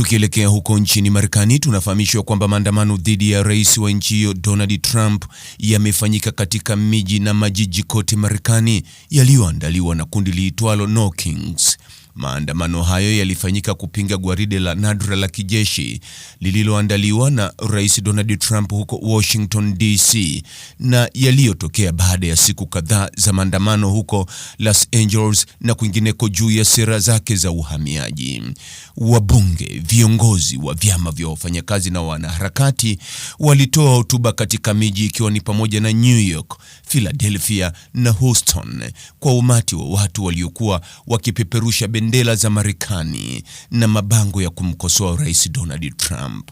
Tukielekea huko nchini Marekani, tunafahamishwa kwamba maandamano dhidi ya rais wa nchi hiyo Donald Trump yamefanyika katika miji na majiji kote Marekani, yaliyoandaliwa na kundi liitwalo No Kings. Maandamano hayo yalifanyika kupinga gwaride la nadra la kijeshi lililoandaliwa na Rais Donald Trump huko Washington DC na yaliyotokea baada ya siku kadhaa za maandamano huko Los Angeles na kwingineko juu ya sera zake za uhamiaji. Wabunge, viongozi wa vyama vya wafanyakazi na wanaharakati walitoa hotuba katika miji ikiwa ni pamoja na New York, Philadelphia na Houston kwa umati wa watu waliokuwa wakipeperusha bendera za Marekani na mabango ya kumkosoa Rais Donald Trump.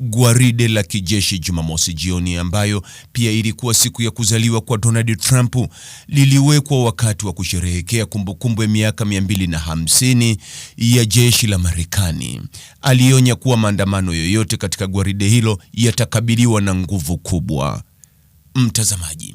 Gwaride la kijeshi Jumamosi jioni, ambayo pia ilikuwa siku ya kuzaliwa kwa Donald Trump, liliwekwa wakati wa kusherehekea kumbukumbu ya miaka 250 ya jeshi la Marekani. Alionya kuwa maandamano yoyote katika gwaride hilo yatakabiliwa na nguvu kubwa. Mtazamaji,